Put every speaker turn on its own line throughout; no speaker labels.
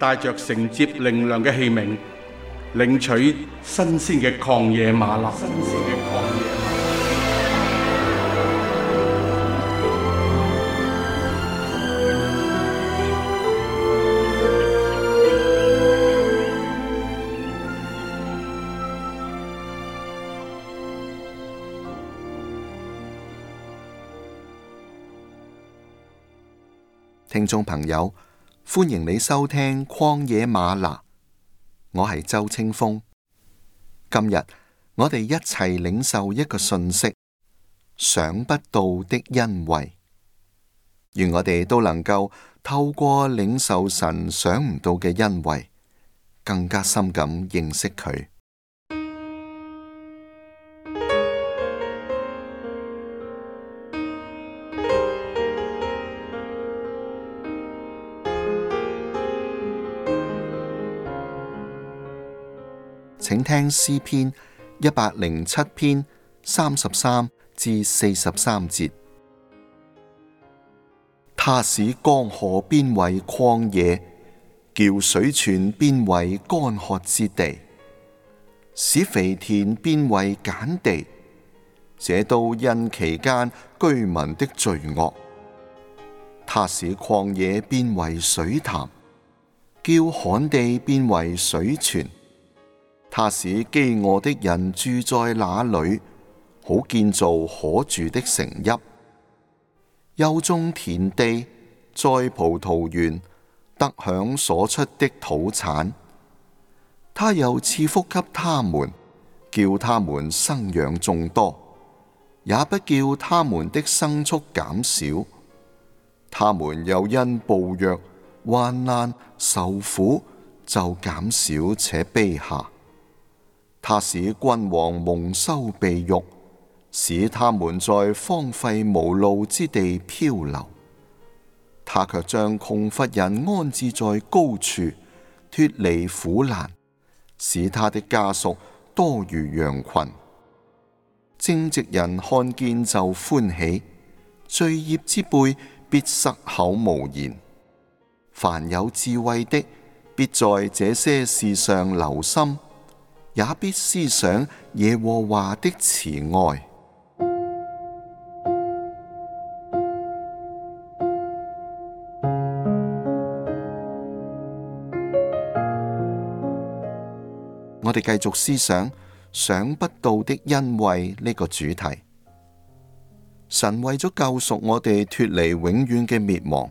帶着承接靈糧嘅器皿，領取新鮮嘅曠野嗎哪。新鮮嘅曠野嗎哪。聽眾朋友。歡迎你收聽曠野嗎哪，我係周清風。今日我哋一齊領受一個信息，想不到的恩惠。願我哋都能夠透過領受神想唔到嘅恩惠，更加深咁認識佢。聽詩篇一百零七篇三十三至四十三節，他使江河變為曠野，叫水泉變為乾渴之地，使肥田變為鹼地，這都因其間居民的罪惡。他使曠野變為水潭，叫旱地變為水泉。他使飢餓的人住在那裏，好建造可住的城邑，又種田地，栽葡萄園，得享所出的土產。他又賜福給他們，叫他們生養眾多，也不叫他們的牲畜減少。他們又因暴虐、患難、受苦，就減少且卑下。他使君王蒙羞被辱，使他們在荒廢無路之地漂流。他卻將窮乏人安置在高處，脫離苦難，使他的家屬多如羊群。正直人看見就歡喜，罪孽之輩必塞口無言。凡有智慧的，必在這些事上留心。也必思想耶和華的慈愛。 我哋繼續思想想不到的恩惠呢個主題。神為咗救贖我哋脫離永遠嘅滅亡，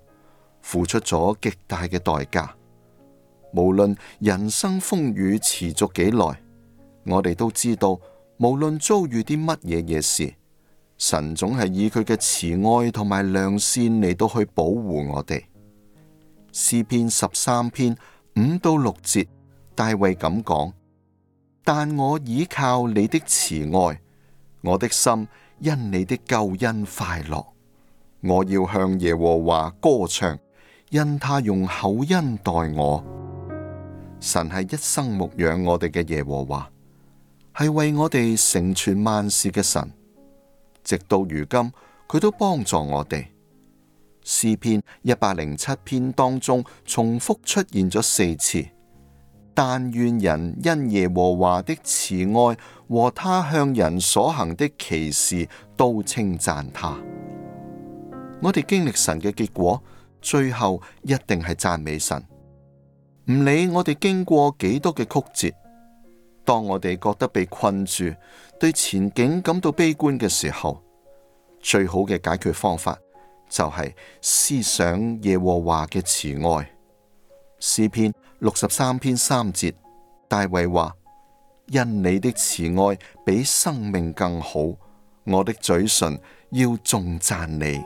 付出咗極大嘅代價。無論人生風雨持續幾耐。我哋都知道，無論遭遇啲乜嘢嘢事，神總係以佢嘅慈愛同埋良善嚟到去保護我哋。詩篇十三篇五到六節，大衛咁講：但我倚靠你的慈愛，我的心因你的救恩快樂。我要向耶和華歌唱，因他用厚恩待我。神係一生牧養我哋嘅耶和華。係為我哋成全萬事嘅神，直到如今佢都幫助我哋。詩篇一百零七篇當中重複出現咗四次。但願人因耶和華的慈愛和他向人所行的奇事，都稱讚他。我哋經歷神嘅結果，最後一定係讚美神。唔理我哋經過幾多嘅曲折。當我哋覺得被困住，對前景感到悲觀嘅時候，最好嘅解決方法就係思想耶和華嘅慈愛。詩篇六十三篇三節，大衛話：因你的慈愛比生命更好，我的嘴唇要頌讚你。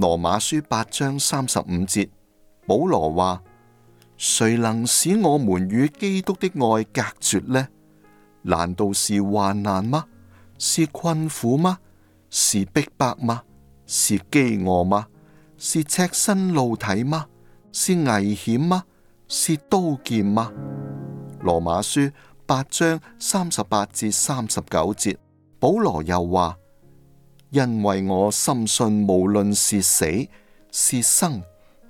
羅馬書八章三十五節，保羅話。誰能使我們與基督的愛隔絕呢？難道是患難嗎？是困苦嗎？是逼迫嗎？是飢餓嗎？是赤身露體嗎？是危險嗎？是刀劍嗎？羅馬書八章三十八至三十九節，保羅又話：因為我深信，無論是死、是生、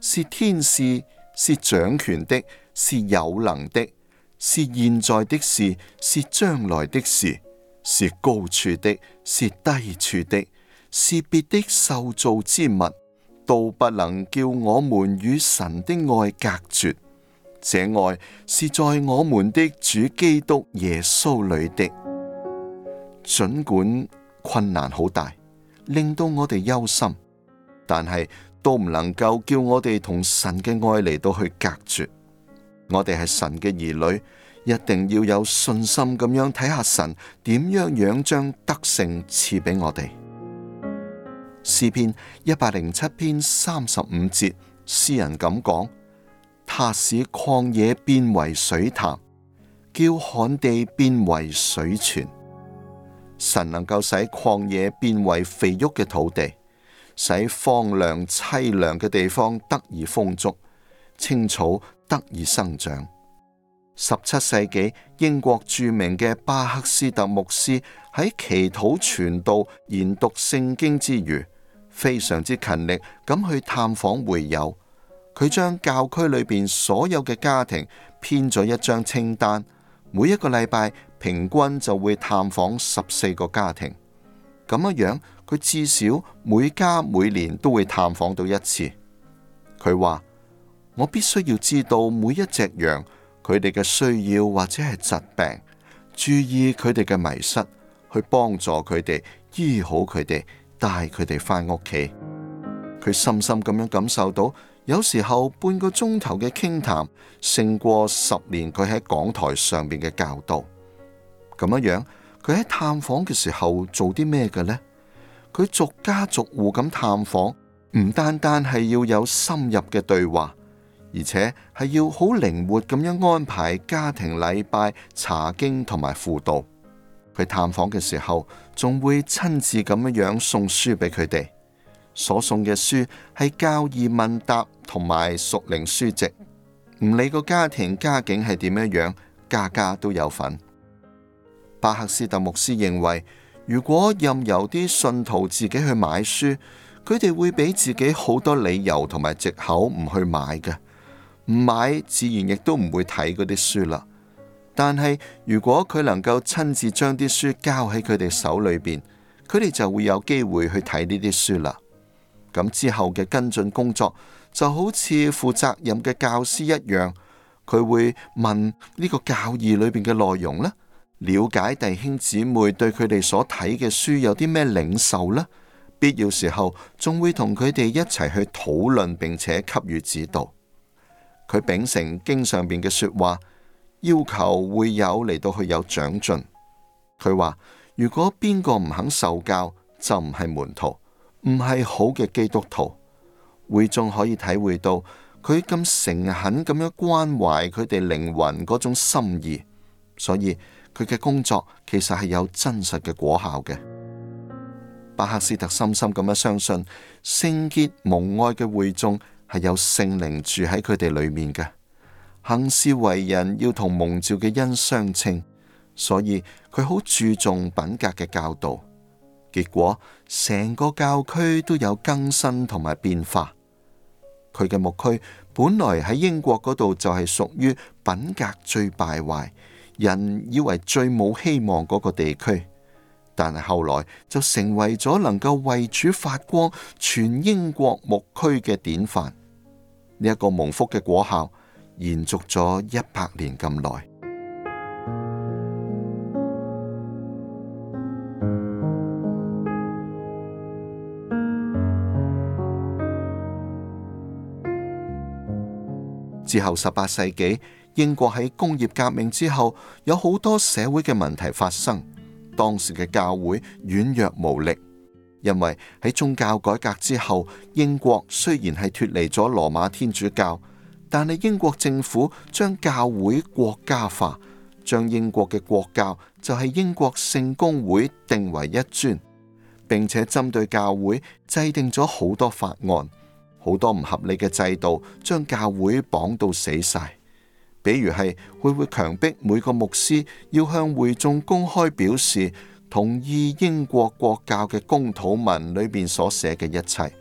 是天使。是掌權的，是有能的，是現在的事，是將來的事，是高處的，是低處的，是別的受造之物，都不能叫我們與神的愛隔絕。這愛是在我們的主基督耶穌裏的。儘管困難好大，令到我哋憂心，但係。都唔能夠叫我哋同神嘅愛嚟到去隔絕，我哋係神嘅兒女，一定要有信心咁樣睇下神點樣樣將得勝賜俾我哋。詩篇一百零七篇三十五節，詩人咁講：他使曠野變為水潭，叫旱地變為水泉。神能夠使曠野變為肥沃嘅土地。使荒涼淒涼嘅地方得以豐足，青草得以生長。十七世紀英國著名嘅巴克斯特牧師喺祈禱、傳道、研讀聖經之餘，非常之勤力咁去探訪會友。佢將教區裏邊所有嘅家庭編咗一張清單，每一個禮拜平均就會探訪十四個家庭。咁樣樣。佢至少每家每年都會探訪到一次。佢話，我必須要知道每一隻羊佢哋嘅需要或者係疾病，注意佢哋嘅迷失，去幫助佢哋醫好佢哋，帶佢哋翻屋企。佢深深咁樣感受到，有時候半個鐘頭嘅傾談勝過十年佢喺講台上面嘅教導。咁樣樣佢喺探訪嘅時候做啲咩嘅呢？佢逐家逐戶咁探訪，唔單單係要有深入嘅對話，而且係要好靈活咁樣安排家庭禮拜、查經同埋輔導。佢探訪嘅時候，仲會親自咁樣樣送書俾佢哋。所送嘅書係教義問答同埋屬靈書籍，唔理個家庭家境係點樣樣，家家都有份。巴克斯特牧師認為。如果任由啲信徒自己去買書，佢哋會俾自己好多理由同埋借口唔去買嘅，唔買自然亦都唔會睇嗰啲書啦。但係如果佢能夠親自將啲書交喺佢哋手裏邊，佢哋就會有機會去睇呢啲書啦。咁之後嘅跟進工作就好似負責任嘅教師一樣，佢會問呢個教義裏邊嘅內容呢。了解弟兄姊妹對佢哋所睇嘅書有啲咩領受呢？必要時候仲會同佢哋一齊去討論，並且給予指導。佢秉承經上面嘅說話，要求會友嚟到去有長進。佢話，如果邊個唔肯受教，就唔係門徒，唔係好嘅基督徒。會眾可以體會到佢咁誠懇咁樣關懷佢哋靈魂嗰種心意，所以。佢嘅工作其實係有真實嘅果效嘅。巴克斯特深深咁樣相信聖潔蒙愛嘅會眾係有聖靈住喺佢哋裏面嘅。行事為人要同蒙召嘅恩相稱，所以佢好注重品格嘅教導。結果成個教區都有更新同埋變化。佢嘅牧區本來喺英國嗰度就係屬於品格最敗壞。人以為最冇希望嗰個地區，但係後來就成為咗能夠為主發光全英國牧區嘅典範。呢、這、一個蒙福嘅果效延續咗一百年咁耐。 之後十八世紀。英國喺工業革命之後有好多社會嘅問題發生，當時嘅教會軟弱無力，因為喺宗教改革之後，英國雖然係脫離咗羅馬天主教，但係英國政府將教會國家化，將英國嘅國教就係英國聖公會定為一尊，並且針對教會制定咗好多法案，好多唔合理嘅制度，將教會綁到死晒。比如係會會強迫每個牧師要向會眾公開表示同意英國國教嘅公禱文裏邊所寫嘅一切，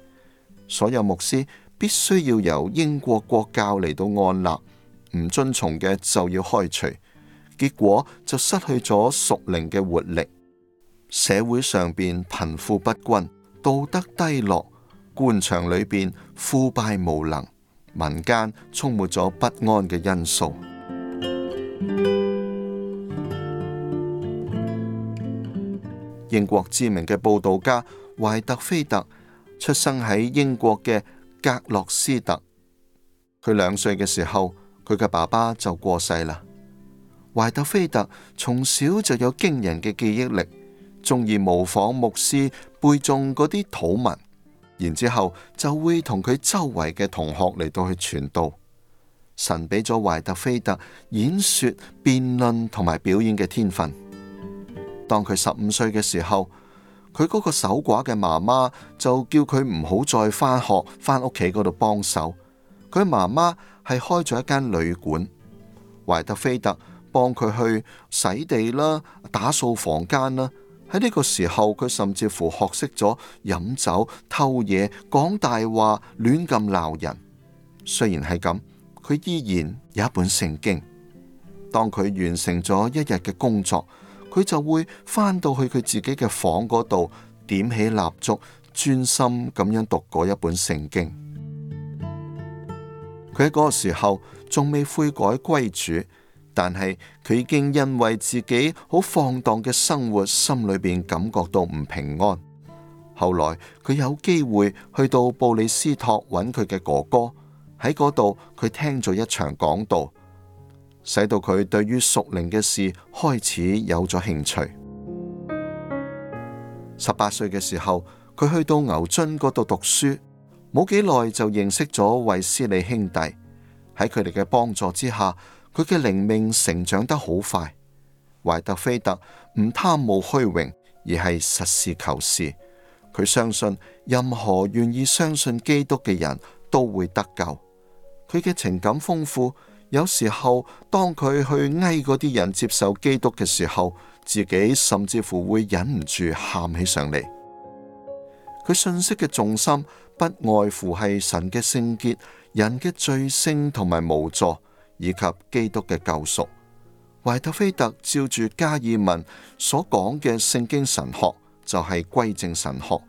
所有牧師必須要由英國國教嚟到按立，唔遵從嘅就要開除，結果就失去咗屬靈嘅活力，社會上邊貧富不均，道德低落，官場裏邊腐敗無能。民間充滿咗不安嘅因素。英國知名嘅佈道家懷特菲特出生喺英國嘅格洛斯特。佢兩歲嘅時候，佢嘅爸爸就過世啦。懷特菲特從小就有驚人嘅記憶力，中意模仿牧師背誦嗰啲禱文。然之後就會同佢周圍嘅同學嚟到去傳道。神俾咗懷特菲特演說、辯論同埋表演嘅天分。當佢十五歲嘅時候，佢嗰個守寡嘅媽媽就叫佢唔好再返學，返屋企嗰度幫手。佢媽媽係開咗一間旅館，懷特菲特幫佢去洗地啦、打掃房間啦。喺呢個時候，佢甚至乎學識咗飲酒、偷嘢、講大話、亂咁鬧人。雖然係咁，佢依然有一本聖經。當佢完成咗一日嘅工作，佢就會返到去佢自己嘅房嗰度，點起蠟燭，專心咁樣讀嗰一本聖經。佢喺嗰個時候仲未悔改歸主。但係佢已經因為自己好放蕩嘅生活，心裏邊感覺到唔平安。後來佢有機會去到布里斯托揾佢嘅哥哥，喺嗰度佢聽咗一場講道，使到佢對於屬靈嘅事開始有咗興趣。十八歲嘅時候，佢去到牛津嗰度讀書，冇幾耐就認識咗衛斯理兄弟，喺佢哋嘅幫助之下。佢嘅靈命成長得好快。懷特菲特唔貪慕虛榮，而係實事求是。佢相信任何願意相信基督嘅人都會得救。佢嘅情感豐富，有時候當佢去哀求嗰啲人接受基督嘅時候，自己甚至乎會忍唔住喊起上嚟。佢信息嘅重心不外乎係神嘅聖潔、人嘅罪性同埋無助。以及基督嘅救贖，懷特菲特照住加爾文所講嘅聖經神學，就係歸正神學，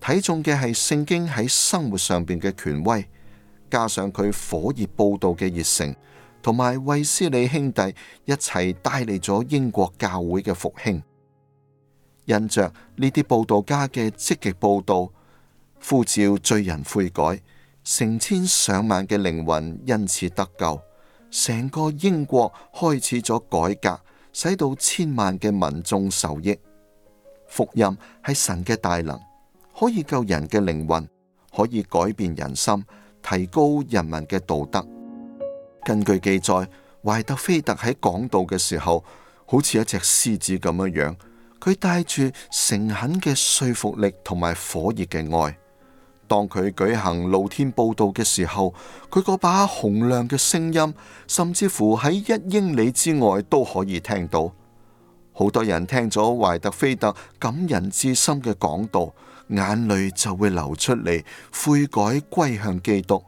睇重嘅係聖經喺生活上邊嘅權威，加上佢火熱佈道嘅熱誠，同埋衛斯理兄弟一齊帶嚟咗英國教會嘅復興。因着呢啲佈道家嘅積極佈道，呼召罪人悔改，成千上萬嘅靈魂因此得救。成個英國開始咗改革，使到千萬嘅民眾受益。福音係神嘅大能，可以救人嘅靈魂，可以改變人心，提高人民嘅道德。根據記載，懷特菲特喺講道嘅時候，好似一隻獅子咁樣樣，佢帶住誠懇嘅說服力同埋火熱嘅愛。當佢舉行露天報道嘅時候，佢嗰把洪亮嘅聲音，甚至乎喺一英里之外都可以聽到。好多人聽咗懷特菲特感人至深嘅講道，眼淚就會流出嚟，悔改歸向基督。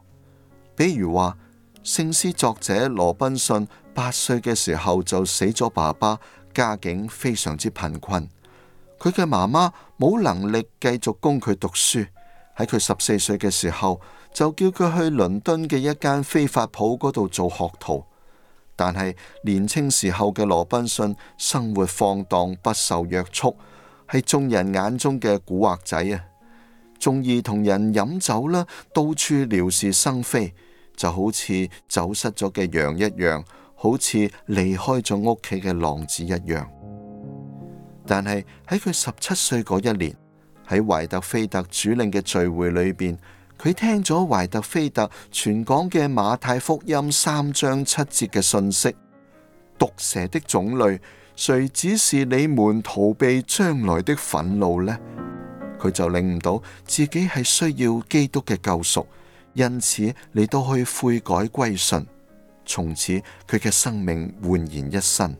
比如話，聖詩作者羅賓遜八歲嘅時候就死咗爸爸，家境非常之貧困，佢嘅媽媽冇能力繼續供佢讀書。喺佢十四歲嘅時候，就叫佢去倫敦嘅一間飛髮舖嗰度做學徒。但係年青時候嘅羅賓遜生活放蕩，不受約束，係眾人眼中嘅古惑仔啊！中意同人飲酒啦，到處撩事生非，就好似走失咗嘅羊一樣，好似離開咗屋企嘅浪子一樣。但係喺佢十七歲嗰一年，喺懷特菲特主領嘅聚會裏邊，佢聽咗懷特菲特傳講嘅馬太福音三章七節嘅信息，毒蛇的種類，誰指示你們逃避將來的憤怒呢？佢就領悟到自己係需要基督嘅救贖，因此你都可以悔改歸順，從此佢嘅生命煥然一新。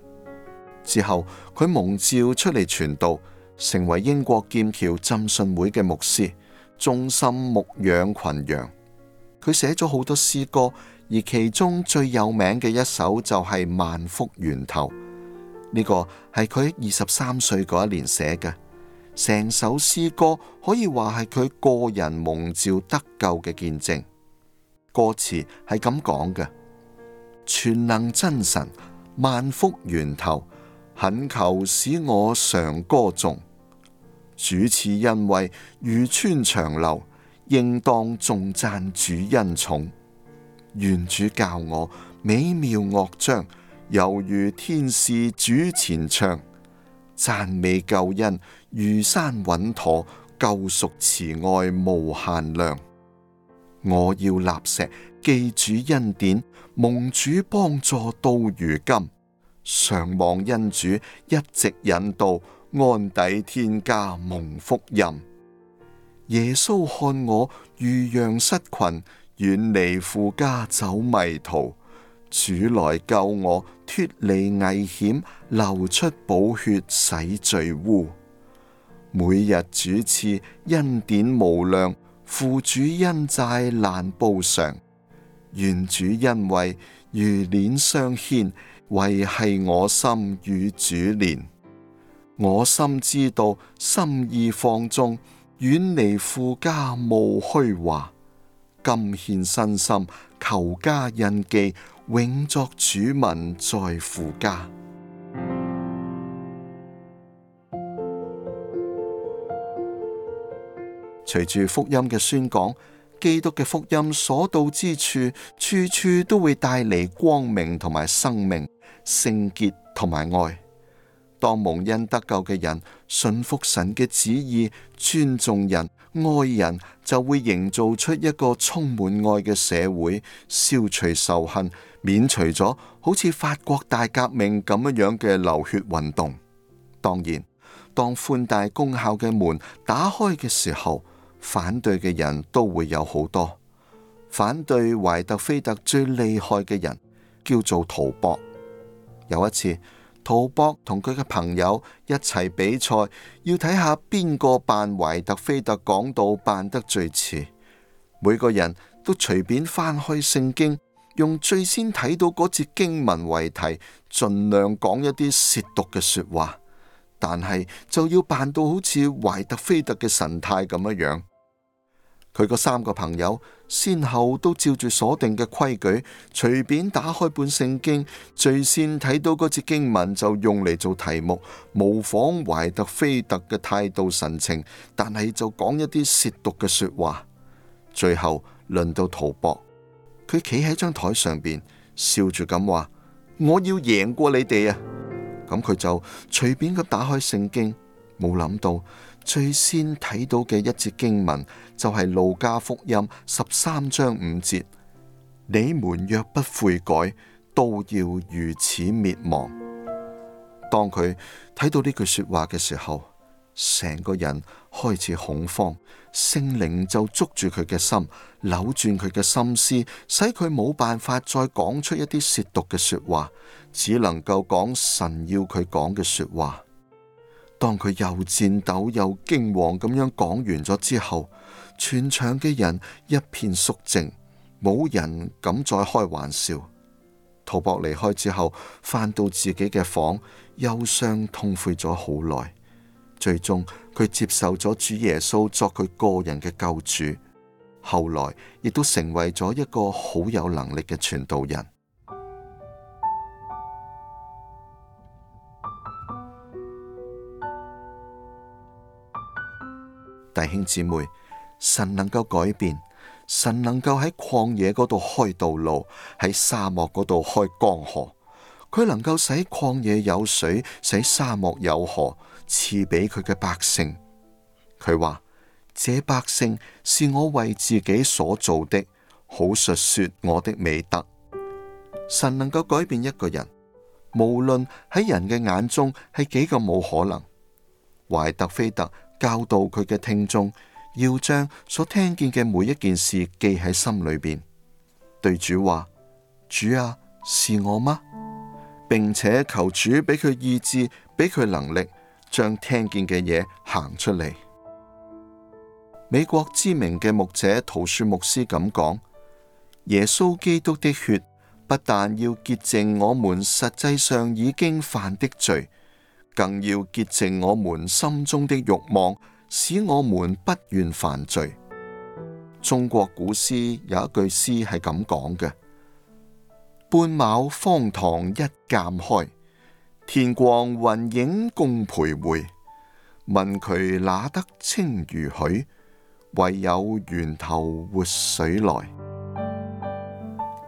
之後佢蒙召出嚟傳道。成為英國劍橋浸信會嘅牧師，忠心牧養群羊。佢寫咗好多詩歌，而其中最有名嘅一首就係《萬福源頭》。呢個係佢二十三歲嗰一年寫嘅，成首詩歌可以話係佢個人蒙召得救嘅見證。歌詞係咁講嘅：全能真神，萬福源頭，懇求使我常歌頌。主賜恩惠如川長流，應當重讚主恩寵。願主教我美妙樂章，猶如天使主前唱。讚美救恩如山穩妥，救贖慈愛無限量。我要立石記主恩典，蒙主幫助到如今。常望恩主一直引導。安底天家蒙福蔭，耶穌看我如羊失群，遠離父家走迷途。主來救我脫離危險，流出寶血洗罪污。每日主賜恩典無量，父主恩債難報償。願主恩惠如鏈相牽，維繫我心與主連。我心知道，心意放縱，遠離富家無虛華，今獻身心求加印記，永作主民在富家。隨住福音嘅宣講，基督嘅福音所到之處，處處都會帶嚟光明同埋生命，聖潔同埋愛。當蒙恩得救嘅人信服神嘅旨意，尊重人、愛人，就會營造出一個充滿愛嘅社會，消除仇恨，免除咗好似法國大革命咁樣嘅流血運動。當然，當寬大功效嘅門打開嘅時候，反對嘅人都會有好多。反對懷特菲特最厲害嘅人叫做圖博。有一次。曹博同佢嘅朋友一齊比賽，要睇下邊個扮懷特菲特講道扮得最似。每個人都隨便翻開聖經，用最先睇到嗰節經文為題，盡量講一啲褻瀆嘅說話，但係就要扮到好似懷特菲特嘅神態咁一樣。佢個三個朋友先後都照住所定嘅規矩，隨便打開本聖經，最先睇到嗰節經文就用嚟做題目，模仿懷特菲特嘅態度神情，但係就講一啲褻瀆嘅說話。最後輪到圖博，佢企喺張台上邊笑住咁話：我要贏過你哋啊！咁佢就隨便咁打開聖經，冇諗到。最先睇到嘅一節經文就係路加福音十三章五節：「你們若不悔改，都要如此滅亡。」當佢睇到呢句說話嘅時候，成個人開始恐慌，聖靈就捉住佢嘅心，扭轉佢嘅心思，使佢冇辦法再講出一啲褻瀆嘅說話，只能夠講神要佢講嘅說話。當佢又顫抖又驚惶咁樣講完咗之後，全場嘅人一片肅靜，冇人敢再開玩笑。陶博離開之後，返到自己嘅房，憂傷痛悔咗好耐。最終，佢接受咗主耶穌作佢個人嘅救主，後來亦都成為咗一個好有能力嘅傳道人。弟兄姊妹，神能夠改變，神能夠喺曠野嗰度開道路，喺沙漠嗰度開江河，佢能夠使曠野有水，使沙漠有河，賜俾佢嘅百姓。佢話：這百姓是我為自己所做的，好述說我的美德。神能夠改變一個人，無論喺人嘅眼中係幾個冇可能。懷特菲特。教導佢嘅聽眾要將所聽見嘅每一件事記喺心裏邊，對主話：主啊，是我嗎？並且求主俾佢意志，俾佢能力，將聽見嘅嘢行出嚟。美國知名嘅牧者陶恕牧師咁講：耶穌基督的血不但要潔淨我們實際上已經犯的罪。更要潔淨我們心中的慾望，使我們不願犯罪。中國古詩有一句詩係咁講嘅：半畝方塘一鑑開，天光雲影共徘徊。問渠哪得清如許？唯有源頭活水來。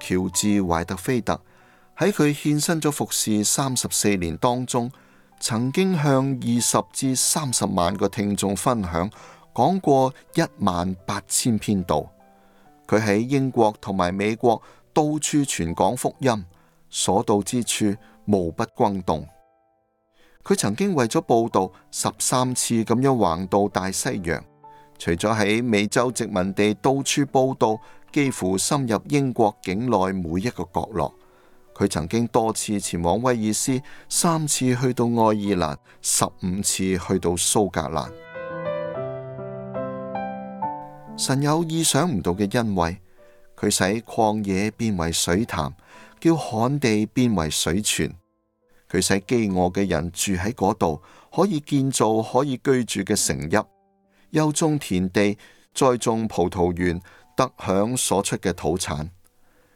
喬治懷特菲特喺佢獻身咗服侍三十四年當中。曾經向二十至三十萬個聽眾分享，講過一萬八千篇道。佢喺英國同埋美國到處傳講福音，所到之處無不轟動。佢曾經為咗布道十三次咁樣橫渡大西洋，除咗喺美洲殖民地到處布道，幾乎深入英國境內每一個角落。佢曾經多次前往威爾斯，三次去到愛爾蘭，十五次去到蘇格蘭。神有意想唔到嘅恩惠，佢使曠野變為水潭，叫旱地變為水泉。佢使飢餓嘅人住喺嗰度，可以建造可以居住嘅城邑，又種田地，栽種葡萄園，得享所出嘅土產。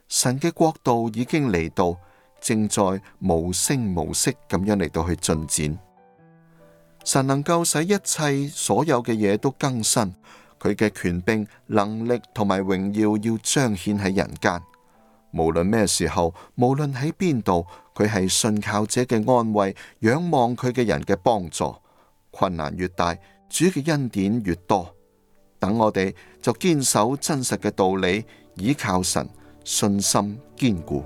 神嘅國度已經嚟到，正在無聲無息咁樣嚟到去進展。神能夠使一切所有嘅嘢都更新，佢嘅權柄、能力同埋榮耀要彰顯喺人間。無論咩時候，無論喺邊度，佢係信靠者嘅安慰，仰望佢嘅人嘅幫助。困難越大，主嘅恩典越多。等我哋就堅守真實嘅道理，依靠神。信心堅固，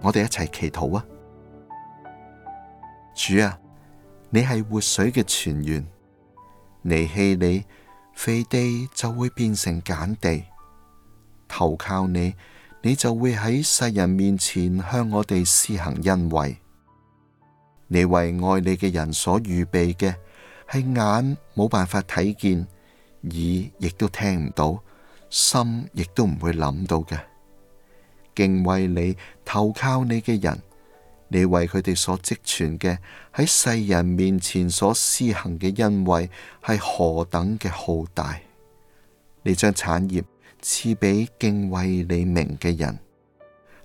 我哋一齊祈禱啊！主啊，你係活水嘅泉源，離棄你，肥地就會變成鹼地，投靠你，你就會喺世人面前向我哋施行恩惠。你為愛你嘅人所預備嘅，係眼冇辦法睇見，耳亦都聽唔到，心亦都唔會諗到嘅。敬畏你、投靠你嘅人，你為佢哋所積存嘅，喺世人面前所施行嘅恩惠，係何等嘅浩大！你將產業。賜俾敬畏你名嘅人，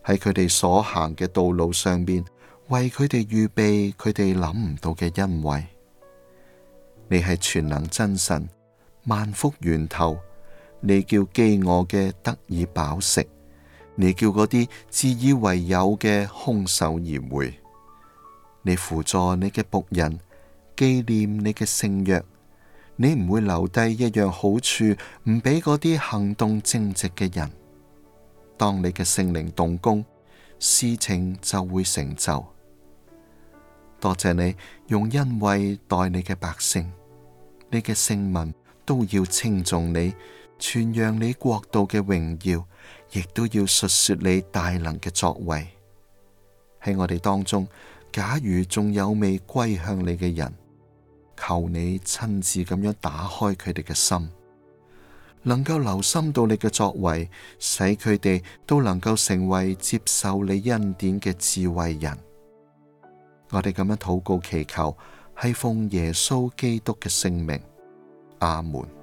喺佢哋所行嘅道路上邊，為佢哋預備佢哋諗唔到嘅恩惠。你係全能真神，萬福源頭。你叫飢餓嘅得以飽食，你叫嗰啲自以為有嘅空手而回。你扶助你嘅僕人，紀念你嘅聖約。你唔會留低一樣好處，唔俾嗰啲行動正直嘅人。當你嘅聖靈動工，事情就會成就。多謝你用恩惠待你嘅百姓，你嘅聖民都要稱頌你，傳揚你國度嘅榮耀，亦都要述說你大能嘅作為。喺我哋當中，假如仲有未歸向你嘅人。求你親自咁樣打開佢哋嘅心，能夠留心到你嘅作為，使佢哋都能夠成為接受你恩典嘅智慧人。我哋咁樣禱告祈求，係奉耶穌基督嘅聖名，阿門。